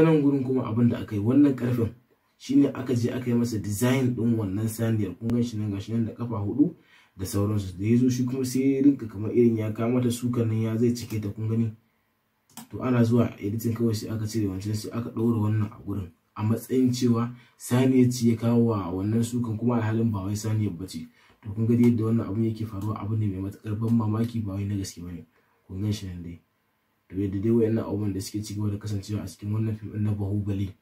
nan gurin kuma abin da aka yi wannan karfin shine aka je aka yi masa design din wannan saniyar kun gan shi nan gashi nan da kafa hudu da sauransu da ya zo shi kuma sai ya rinka kamar irin ya kama ta sukan nan ya zai cike ta kun gani to ana zuwa editing kawai sai aka cire wancan sai aka ɗaura wannan a gurin a matsayin cewa saniyar ce ya kawo wa wannan sukan kuma alhalin ba wai saniyar ba to kun ga yadda wannan abun yake faruwa abu ne mai matuƙar ban mamaki ba wai na gaske ba ne kun gan nan dai da dai wayannan abubuwan da suke cigaba da kasancewa a cikin wannan fim na bahubali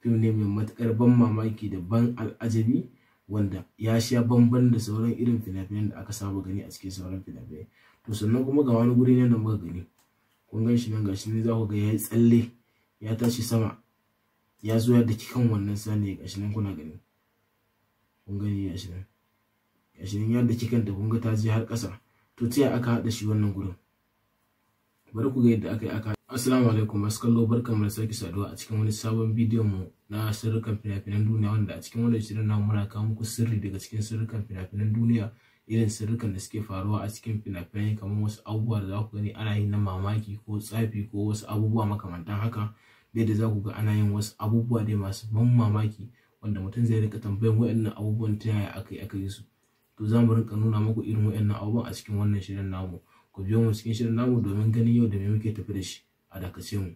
fim ne mai matukar ban mamaki da ban al'ajabi wanda ya sha bamban da sauran irin fina da aka saba gani a cikin sauran fina-finai to sannan kuma ga wani guri ne da muka gani kun gan shi nan gashi ne za ku ga ya yi tsalle ya tashi sama ya zo ya daki kan wannan sani gashi nan kuna gani kun gani shi nan shi nan ya daki kanta kun ga ta je har ƙasa to ta aka haɗa shi wannan gurin bari ku ga yadda aka yi aka assalamu alaikum masu kallo barkan mu da sake saduwa a cikin wani sabon bidiyon mu na sirrikan finafinan duniya wanda a cikin wannan shirin namu muna kawo muku sirri daga cikin sirrikan fina duniya irin sirrikan da suke faruwa a cikin fina-finai kamar wasu abubuwa da za ku gani ana yin na mamaki ko tsafi ko wasu abubuwa makamantan haka yadda za ku ga ana yin wasu abubuwa dai masu ban mamaki wanda mutum zai rika tambayan waɗannan abubuwan ta yaya aka yi aka yi su to za mu rinka nuna muku irin waɗannan abubuwan a cikin wannan shirin namu ku biyo mu cikin shirin namu domin ganin yau da me muke tafi da shi a dakace mu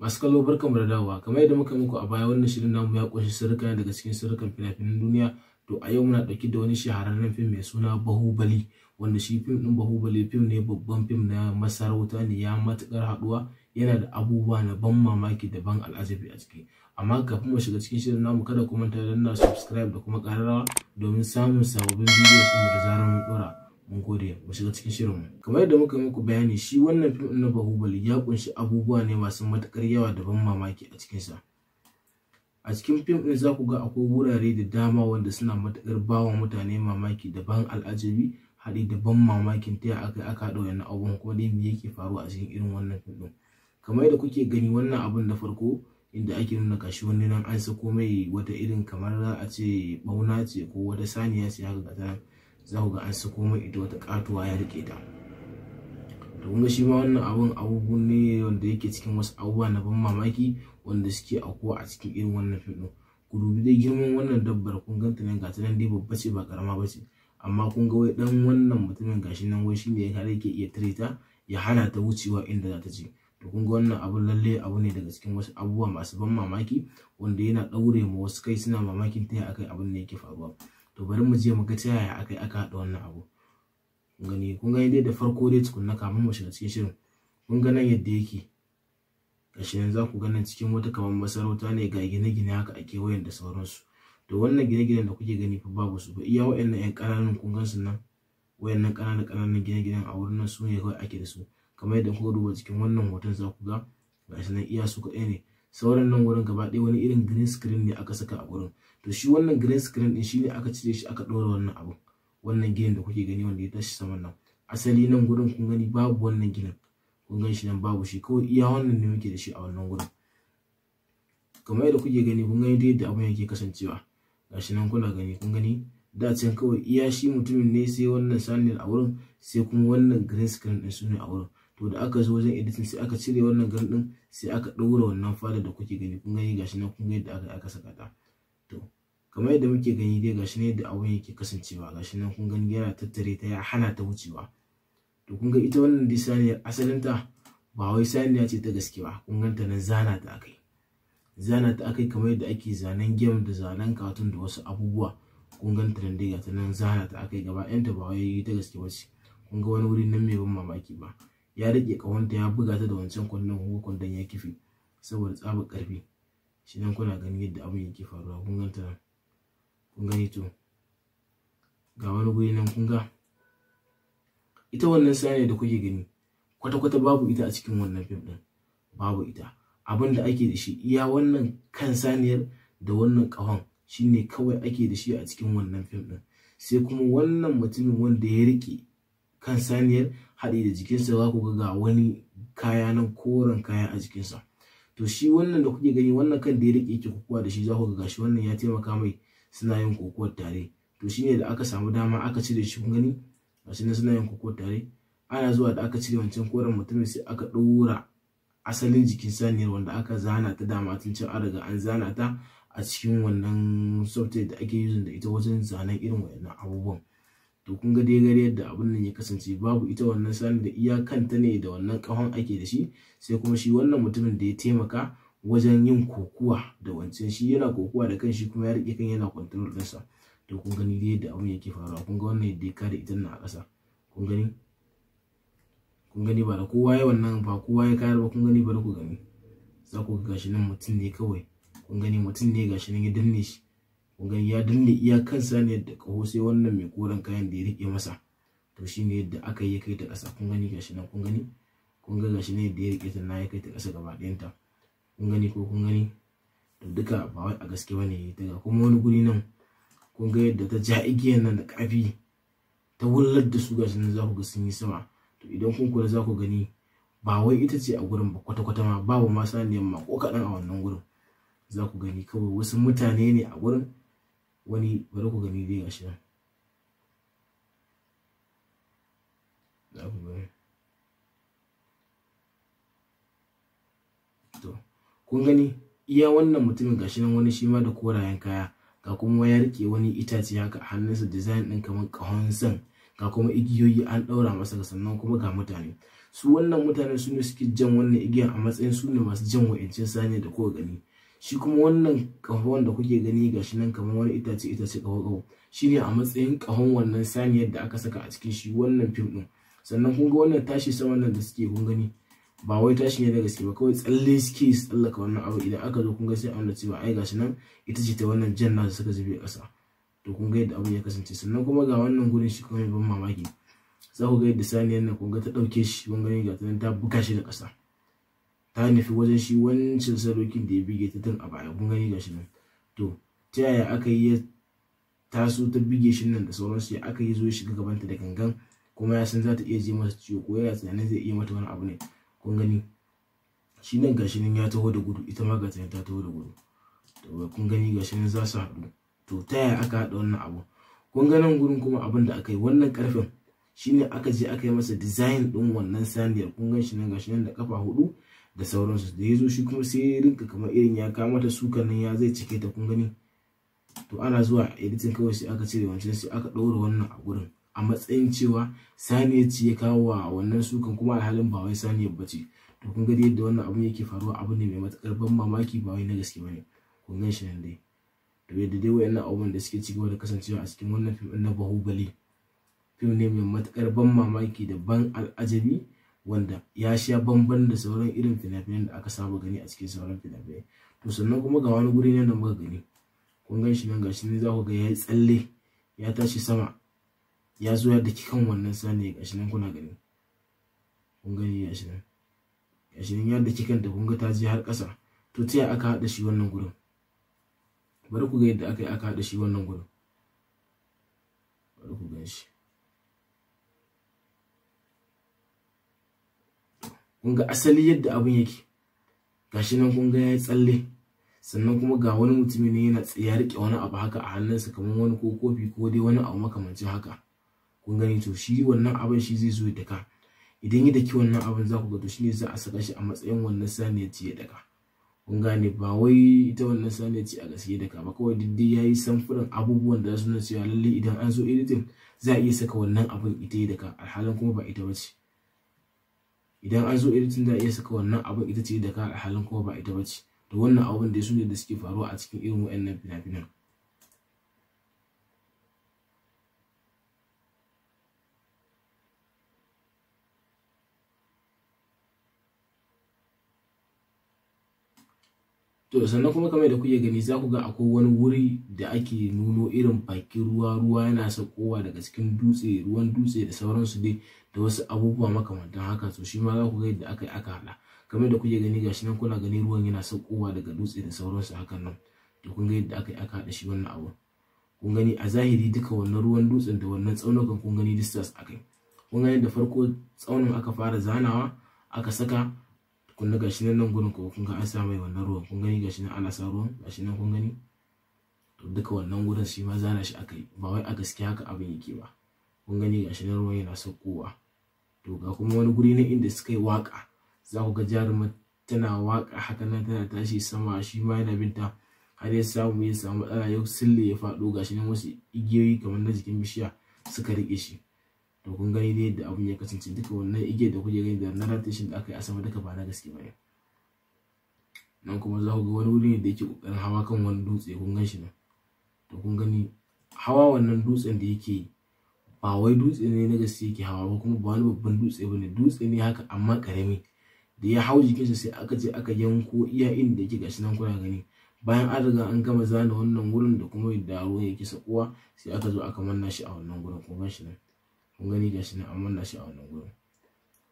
masu kallo barkamu da dawowa kamar yadda muka muku a baya wannan shirin namu ya kunshi sirrika daga cikin sirrikan fina-finan duniya to a yau muna ɗauki da wani shahararren fim mai suna bahubali wanda shi fim din bahubali fim ne babban fim na masarauta ne ya matukar haɗuwa yana da abubuwa na ban mamaki da ban al'ajabi a ciki amma kafin mu shiga cikin shirin namu kada ku manta da na subscribe da kuma karara domin samun sababbin bidiyo da zarar mun dora mun gode mu shiga cikin shirin mu. kamar yadda muka yi muku bayani shi wannan fim na bahubali ya kunshi abubuwa ne masu matukar yawa da ban mamaki a cikinsa a cikin fim ɗin za ku ga akwai wurare da dama wanda suna matukar bawa mutane mamaki da ban al'ajabi haɗi da ban mamakin taya aka aka hada wannan abun ko dai me yake faruwa a cikin irin wannan fim ɗin kamar yadda kuke gani wannan abun da farko inda ake nuna kashi wani nan an sako mai wata irin kamar za a ce bauna ce ko wata saniya ce haka ga ta za ga an sako mai ita wata katuwa ya rike ta to kuma shi ma wannan abun abubu ne wanda yake cikin wasu abubuwa na ban mamaki wanda suke akuwa a cikin irin wannan fim din ku dubi dai girman wannan dabbar kun ganta nan gata nan dai babba ce ba karama ba ce amma kun ga wai dan wannan mutumin gashi nan wai shine ya kare yake iya tare ta ya hana ta wucewa inda za ta je to kun ga wannan abun lalle abu ne daga cikin wasu abubuwa masu ban mamaki wanda yana ɗaure ma wasu kai suna mamakin ta akai abin da yake faruwa to bari mu je mu ga ta yaya aka yi aka haɗa wannan abu gani kun gani dai da farko dai tukunna kafin mu shiga cikin shirin kun ga nan yadda yake gashi nan za ku ga cikin wata kamar masarauta ne ga gine-gine haka ake kewayen da sauransu to wannan gine-ginen da kuke gani fa babu su ba iya wa'annan 'yan ƙananan kun gan su nan wayannan ƙananan ƙananan gine-ginen a wurin nan su ne kawai ake da su kamar yadda kuka duba cikin wannan hoton za ku ga gashi nan iya su kaɗai ne sauran nan wurin gaba ɗaya wani irin green screen ne aka saka a wurin to shi wannan green screen din shine aka cire shi aka ɗora wannan abu wannan ginin da kuke gani wanda ya tashi saman nan asali nan gurin kun gani babu wannan ginin kun gani shi nan babu shi kawai iya wannan ne muke da shi a wannan gurin kamar yadda kuke gani kun gani yadda abun yake kasancewa gashi nan kuna gani kun gani da can kawai iya shi mutumin ne sai wannan saniyar a wurin sai kuma wannan green screen din su ne a wurin to da aka zo wajen editing sai aka cire wannan gan din sai aka ɗaura wannan fada da kuke gani kun gani gashi nan kun yadda aka aka saka ta to kamar yadda muke gani dai gashi ne yadda abun yake kasancewa gashi nan kun gani yana tattare ta ya hana ta wucewa to kun ga ita wannan dai saniyar asalin ta ba wai saniya ce ta gaske ba kun ganta nan zana ta akai zana ta akai kamar yadda ake zanen game da zanen katun da wasu abubuwa kun ganta nan dai gata nan zana ta akai gaba ɗayanta ba wai ta gaske ba ce kun ga wani wuri nan mai ban mamaki ba ya rike ƙahonta ya buga ta da wancan kwallon kuma kwandon ya kife saboda tsabar karfi shi nan kuna ganin yadda abin yake faruwa kun ganta kun gani to ga wani guri nan kun ga ita wannan saniya da kuke gani kwata-kwata babu ita a cikin wannan fim ɗin babu ita abin da ake da shi iya wannan kan saniyar da wannan ƙahon shine kawai ake da shi a cikin wannan fim ɗin sai kuma wannan mutumin wanda ya rike. kan saniyar haɗe da jikinsa za ku ga wani kaya nan koren kaya a jikinsa to shi wannan da kuke gani wannan kan da ya rike yake kokowa da shi za ku ga shi wannan ya taimaka mai suna yin kokowar tare to shine da aka samu dama aka cire shi kun gani gashi nan suna yin kokowar tare ana zuwa da aka cire wancan koren mutumin sai aka ɗora asalin jikin saniyar wanda aka zana ta dama tun can an an zana ta a cikin wannan software da ake yi da ita wajen zanen irin wannan abubuwan to kun ga dai gare yadda abin nan ya kasance babu ita wannan sani da iyakanta ne da wannan kahon ake da shi sai kuma shi wannan mutumin da ya taimaka wajen yin kokuwa da wancan shi yana kokuwa da kanshi kuma ya rike kan yana kwantarol ɗinsa to kun gani dai yadda abin yake faruwa kun ga wannan yadda ya kare ita na a ƙasa kun gani kun gani ba da kowa ya wannan ba kowa ya kayar ba kun gani bari ku gani za ku ga nan mutum ne kawai kun gani mutum ne gashi nan ya danne shi gan ya danne kansa ne da kaho sai wannan mai koran kayan da ya rike masa to shine yadda aka yi kai ta ƙasa kun gani gashi nan kun gani kun ga gashi ne da ya rike ta na ya kai ta kasa gaba ta kun gani ko kun gani to duka ba wai a gaske bane daga kuma wani guri nan kun ga yadda ta ja igiyan nan da ƙarfi ta wullar da su gashi nan za ku ga sun yi sama to idan kun kula za ku gani ba wai ita ce a gurin ba kwata-kwata ma babu ma saniyan ma ko kaɗan a wannan gurin za ku gani kawai wasu mutane ne a gurin wani bari ku gani zai gashi nan za ku gani to kun gani iya wannan mutumin gashi nan wani shi ma da korayen kaya ga kuma ya rike wani itace haka a hannunsa design ɗin kamar kahon san ga kuma igiyoyi an ɗaura masa sannan kuma ga mutane su wannan mutane su ne suke jan wannan igiyar a matsayin su ne masu jan wa'ancin saniya da kowa gani shi kuma wannan kahon da kuke gani gashi nan kamar wani itace itace kaho kaho shine a matsayin kahon wannan saniyar da aka saka a cikin shi wannan fim din sannan kun ga wannan tashi saman nan da suke kun gani ba wai tashi ne da gaske ba kawai tsalle suke tsallaka wannan abu idan aka zo kun ga sai a nuna cewa ai gashi nan ita ce ta wannan jan da suka zube ƙasa to kun ga yadda abin ya kasance sannan kuma ga wannan gurin shi kuma ban mamaki za ku ga yadda saniyar nan kun ga ta dauke shi kun gani ga ta ta buga shi da kasa. ta nufi wajen shi wancan sarokin da ya bige ta tun a baya kun gani gashi nan to ta yaya aka yi ta taso ta bige shi nan da sauransu ya aka yi zo shi gabanta da gangan kuma ya san za ta iya je masa ciwo ko yana tunanin zai iya mata wani abu ne kun gani shi nan gashi nan ya taho da gudu ita ma gata ta taho da gudu to kun gani gashi nan za su haɗu to ta yaya aka haɗa wannan abu kun ga gurin kuma abin da aka yi wannan karfin shine aka je aka yi masa design din wannan saniyar kun gan shi nan gashi nan da kafa hudu da sauransu da ya zo shi kuma sai ya rinka kamar irin ya kama mata sukan nan ya zai cike ta kun gani to ana zuwa editing kawai sai aka cire wancan sai aka ɗaura wannan a gurin a matsayin cewa saniya ce ya kawo wa wannan sukan kuma alhalin ba wai ya ba ce to kun ga yadda wannan abun yake faruwa abu ne mai matakar ban mamaki ba wai na gaske ba ne kun gan shi nan dai to yadda dai wayannan abubuwan da suke ci gaba da kasancewa a cikin wannan fim na bahubali fim ne mai matukar ban mamaki da ban al'ajabi wanda ya sha bamban da sauran irin fina-finan da aka saba gani a cikin sauran fina to sannan kuma ga wani guri ne da muka gani kun gan shi nan gashi ne za ku ga ya yi tsalle ya tashi sama ya zo ya daki kan wannan sani gashi nan kuna gani kun gani shi nan shi nan ya daki kanta kun ga ta je har ƙasa to ta aka haɗa shi wannan gurin bari ku ga yadda aka yi aka haɗa shi wannan gurin bari ku gan shi kun ga asali yadda abin yake gashi nan kun ga ya tsalle sannan kuma ga wani mutumi ne yana ya rike wani abu haka a hannunsa kamar wani ko kofi ko dai wani abu makamancin haka kun gani to shi wannan abin shi zai zo ya daka idan ya daki wannan abin za ku ga to shi ne za a saka shi a matsayin wannan saniyar ce ya daka kun gane ba wai ita wannan saniyar ce a gaske daka ba kawai diddi ya yi samfuran abubuwan da za su nuna cewa lallai idan an zo editing za a iya saka wannan abin ita ya daka alhalin kuma ba ita ba ce idan an zo editing da iya saka wannan abin ita ce da ka a halin kuma ba ita bace da wannan abin da su ne da suke faruwa a cikin irin wayannan fina-finan to sannan kuma kamar da kuke gani za ku ga akwai wani wuri da ake nuno irin bakin ruwa ruwa yana sakowa daga cikin dutse ruwan dutse da sauransu dai da wasu abubuwa makamantan haka to shi ma za ku ga yadda aka yi aka hada kamar da kuke gani gashi nan kuna gani ruwan yana saukowa daga dutse da sauransu hakan nan to kun ga yadda aka yi aka hada shi wannan abu kun gani a zahiri duka wannan ruwan dutsen da wannan tsaunukan kun gani distance akai kun gani da farko tsaunin aka fara zanawa aka saka kun ga gashi nan gurin ko kun ga an sa mai wannan ruwan kun gani gashi nan ana sa ruwan gashi nan kun gani to duka wannan gurin shi ma zana shi akai ba wai a gaskiya haka abin yake ba kun gani gashi na ruwan yana saukowa to ga kuma wani guri na inda suka yi waka za ku ga jarumar tana waka haka nan tana tashi sama shi ma yana binta har ya samu ya samu matsala yau sille ya faɗo gashi nan wasu igiyoyi kamar na jikin bishiya suka riƙe shi to kun gani dai yadda abun ya kasance duka wannan igiyar da kuke gani da na da aka yi a sama duka ba na gaske ba ne nan kuma za ku ga wani wuri ne da yake ƙoƙarin hawa kan wani dutse kun gan shi nan to kun gani hawa wannan dutsen da yake yi ba wai dutse ne na gaske yake hawa ba kuma ba wani babban dutse bane dutse ne haka amma karami da ya hau jikinsa sai aka je aka yanko iya inda yake gashi nan kuna gani bayan an riga an gama zana wannan wurin da kuma yadda ruwan yake sakuwa sai aka zo aka manna shi a wannan gurin kuma shi nan kun gani gashi nan an manna shi a wannan gurin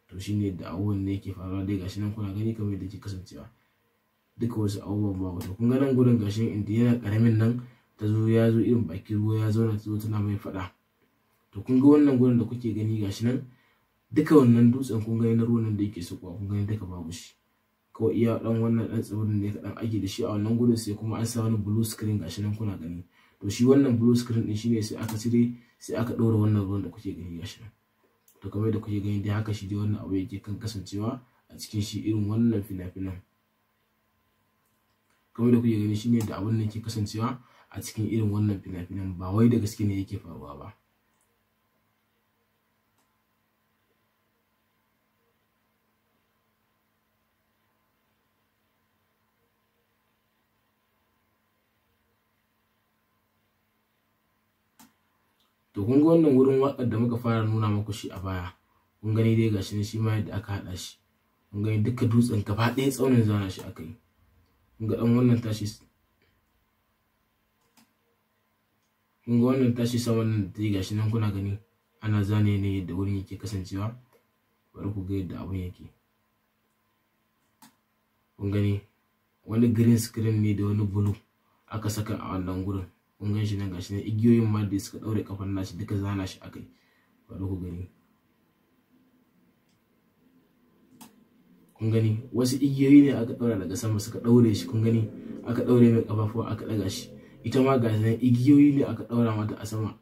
to shine da abubuwan ne yake faruwa dai gashi nan kuna gani kamar yadda yake kasancewa duka wasu abubuwan ba wato kun ga nan gurin gashi inda yana karamin nan ta zo ya zo irin bakin ruwa ya zauna ta zo tana mai faɗa to kun ga wannan gurin da kuke gani gashi nan duka wannan dutsen kun gani na ruwan nan da yake sukuwa kun gani duka babu shi kawai iya dan wannan dan tsibirin ne kaɗan ake da shi a wannan gurin sai kuma an sa wani blue screen gashi nan kuna gani to shi wannan blue screen din shine sai aka cire sai aka ɗora wannan ruwan da kuke gani gashi nan to kamar da kuke gani dai haka shi dai wannan abu yake kan kasancewa a cikin shi irin wannan fina-finan kamar da kuke gani shine da abun da yake kasancewa a cikin irin wannan fina-finan ba wai da gaske ne yake faruwa ba to kun ga wannan wurin wakar da muka fara nuna muku shi a baya kun gani dai gashi ne shi ma yadda aka haɗa shi kun gani duka dutsen gaba ɗaya tsaunin zana shi aka yi kun ga ɗan wannan tashi kun ga wannan tashi sama nan da gashi nan kuna gani ana zane ne yadda wurin yake kasancewa bari ku ga yadda abun yake kun gani wani green screen ne da wani blue aka saka a wannan gurin kun gan shi nan gashi ne igiyoyin ma da suka daure kafan nashi duka zana shi akai bari ku gani kun gani wasu igiyoyi ne aka daura daga sama suka daure shi kun gani aka daure mai kafafuwa aka daga shi ita ma gashi nan igiyoyi ne aka daura mata a sama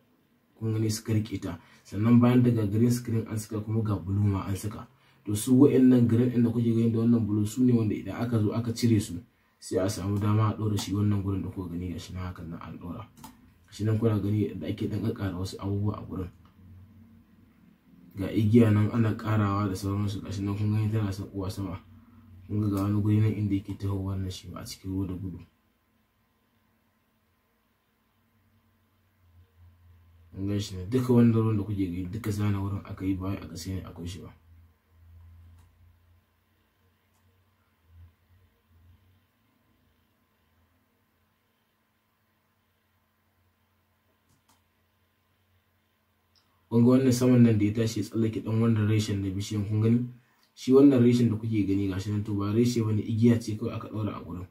kun gani suka rike ta sannan bayan daga green screen an saka kuma ga blue ma an saka to su wa'annan green din da kuke gani da wannan blue su ne wanda idan aka zo aka cire su sai a samu dama a ɗora shi wannan gurin da kuka gani shi na hakan nan an ɗora shi nan kuna gani da ake ɗan ƙara wasu abubuwa a gurin ga igiya nan ana ƙarawa da sauransu shi nan kun gani tana sakuwa sama kun ga wani guri nan inda yake taho wannan shi a cikin ruwa da gudu kun gan shi ne duka wannan ruwan da kuke gani duka zana wurin aka yi ba a ƙasa ne akwai shi ba kun ga wannan saman nan da ya tashi tsallake dan wannan reshen da bishiyan kun gani shi wannan reshen da kuke gani gashi nan to ba reshe bane igiya ce kawai aka daura a gurin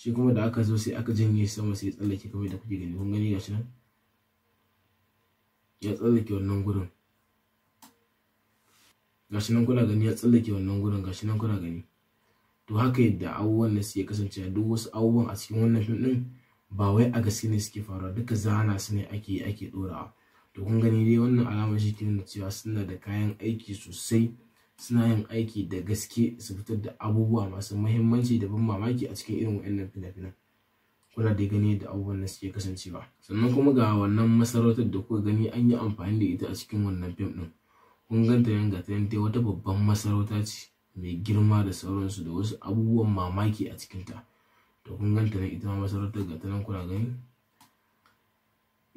shi kuma da aka zo sai aka janye sama sai tsallake kamar da kuke gani kun gani gashi nan ya tsallake wannan gurin gashi nan kuna gani ya tsallake wannan gurin gashi nan kuna gani to haka yadda abubuwan da suke kasance duk wasu abubuwan a cikin wannan fim din ba wai a gaske ne suke faruwa duka zana su ne ake ake dorawa to kun gani dai wannan alama shi ke nuna cewa suna da kayan aiki sosai suna yin aiki da gaske su fitar da abubuwa masu mahimmanci da ban mamaki a cikin irin wa'annan fina-finan kuna dai gani da abubuwan da suke kasancewa sannan kuma ga wannan masarautar da kuka gani an yi amfani da ita a cikin wannan fim din kun ganta ga ta dai wata babban masarauta ce mai girma da sauransu da wasu abubuwan mamaki a cikinta to kun ganta nan ita ma masarautar ga ta kuna gani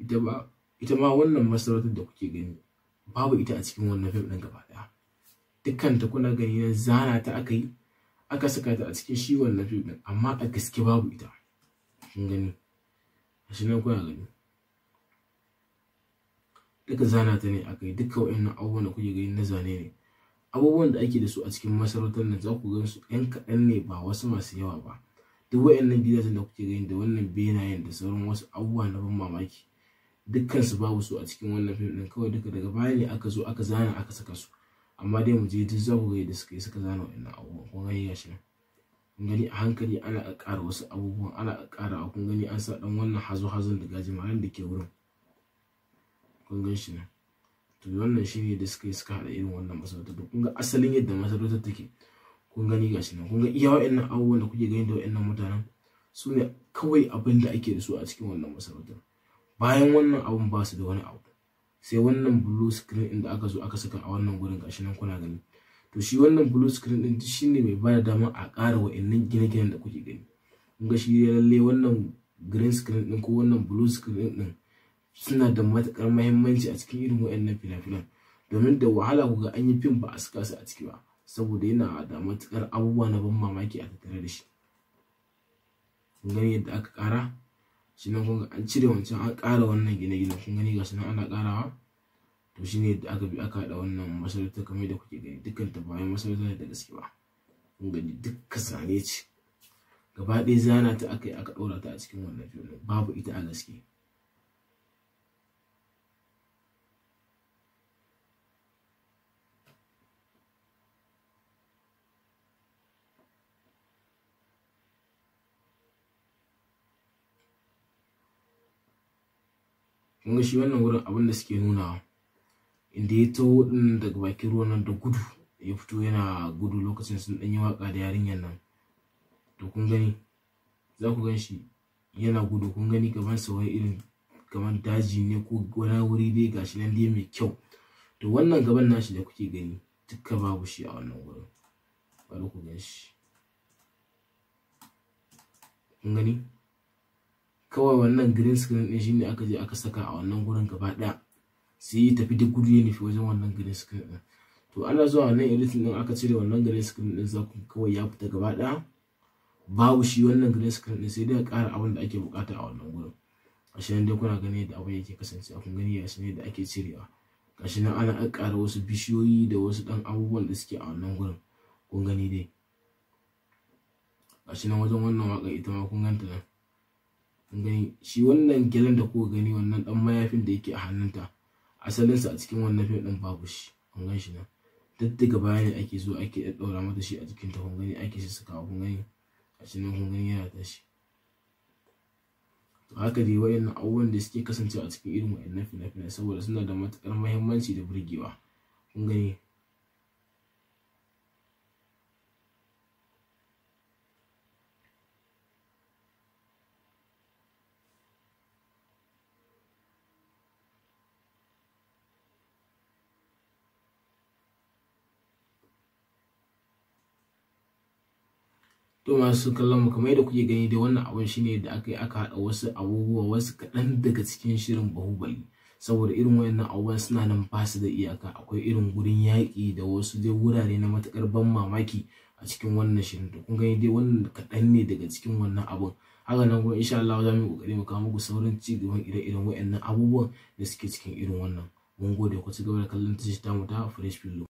ita ba ita ma wannan masarautar da kuke gani babu ita a cikin wannan fim ɗin gaba daya dukkan ta kuna gani na zana ta aka yi aka saka ta a cikin shi wannan fim ɗin amma a gaske babu ita kun gani shi ne kuna gani duka zana ta ne aka yi duka wa'annan abubuwan da kuke gani na zane ne abubuwan da ake da su a cikin masarautar nan za ku gan su yan kaɗan ne ba wasu masu yawa ba duk wa'annan gidajen da kuke gani da wannan benayen da sauran wasu abubuwa na ban mamaki dukkan su babu su a cikin wannan fim din kawai duka daga baya ne aka zo aka zana aka saka su amma dai mu je duk za ku ga yadda suka yi suka zana wannan abubuwan kun ga gashi kun gani a hankali ana a ƙara wasu abubuwan ana a ƙara a kun gani an sa dan wannan hazo hazon da gajimaren da ke wurin kun gan shi ne to wannan shi ne da suka yi suka haɗa irin wannan masarautar da kun ga asalin yadda masarautar take kun gani gashi nan kun ga iya wa'annan abubuwan da kuke gani da wa'annan mutanen su ne kawai abin da ake da su a cikin wannan masarautar bayan wannan abun ba su da wani abu sai wannan blue screen inda aka zo aka saka a wannan gurin gashi nan kuna gani to shi wannan blue screen din shine mai bada dama a ƙara wa'annan gine-ginen da kuke gani kun ga shi lalle wannan green screen din ko wannan blue screen din suna da matukar muhimmanci a cikin irin wa'annan fina-finan domin da wahala ku ga an yi fim ba a saka su a ciki ba saboda yana da matukar abubuwa na ban mamaki a tattare da shi kun gani yadda aka ƙara shine kun an cire wancan an ƙara wannan gine-gine kun gani ga sunan ana ƙarawa to shine da aka bi aka haɗa wannan masarauta kamar da kuke gani dukkan ta bayan masarauta ne da gaske ba kun gani dukka zane ce gaba ɗaya zana ta aka yi aka ɗora ta a cikin wannan filin babu ita a gaske kun shi wannan wurin abin da suke nunawa inda ya taho din daga bakin ruwan nan da gudu ya fito yana gudu lokacin sun ɗan yi waka da yarinyar nan to kun gani za ku gan shi yana gudu kun gani kamar sauran irin kamar daji ne ko wani wuri dai gashi nan dai mai kyau to wannan gaban nashi da kuke gani duka babu shi a wannan wurin bari ku gan shi kun gani kawai wannan green screen din shine aka je aka saka a wannan gurin gaba daya sai tafi da gudu ya nufi wajen wannan green screen din to ana zuwa wannan editing din aka cire wannan green screen din za kawai ya fita gaba daya babu shi wannan green screen din sai dai a ƙara abin da ake bukata a wannan gurin gashi nan dai kuna gani da abin yake kasancewa kun gani ya ne da ake cirewa gashi nan ana ƙara wasu bishiyoyi da wasu ɗan abubuwan da suke a wannan gurin kun gani dai gashi nan wajen wannan waƙar ita ma kun ganta nan dan shi wannan gelin da kuka gani wannan dan mayafin da yake a hannunta asalinsa a cikin wannan fim din babu shi kun shi nan duk daga baya ne ake zo ake daura mata shi a ta kun gani ake shi suka kun gani a cikin kun gani yana tashi to haka dai wayannan abubuwan da suke kasancewa a cikin irin wayannan fina-finai saboda suna da matukar muhimmanci da burgewa kun gani to masu kallon mu kamar yadda kuke gani da wannan abun shine da aka yi aka haɗa wasu abubuwa wasu kaɗan daga cikin shirin bahubali saboda irin wayannan abubuwan suna nan ba su da iyaka akwai irin gurin yaki da wasu dai wurare na matuƙar ban mamaki a cikin wannan shirin to kun gani dai wannan kaɗan ne daga cikin wannan abun haka nan kuma insha Allah za mu yi ƙoƙari mu kawo muku sauran ci gaban ire-iren wayannan abubuwan da suke cikin irin wannan mun gode ku ci gaba da kallon tashi mu ta fresh pillow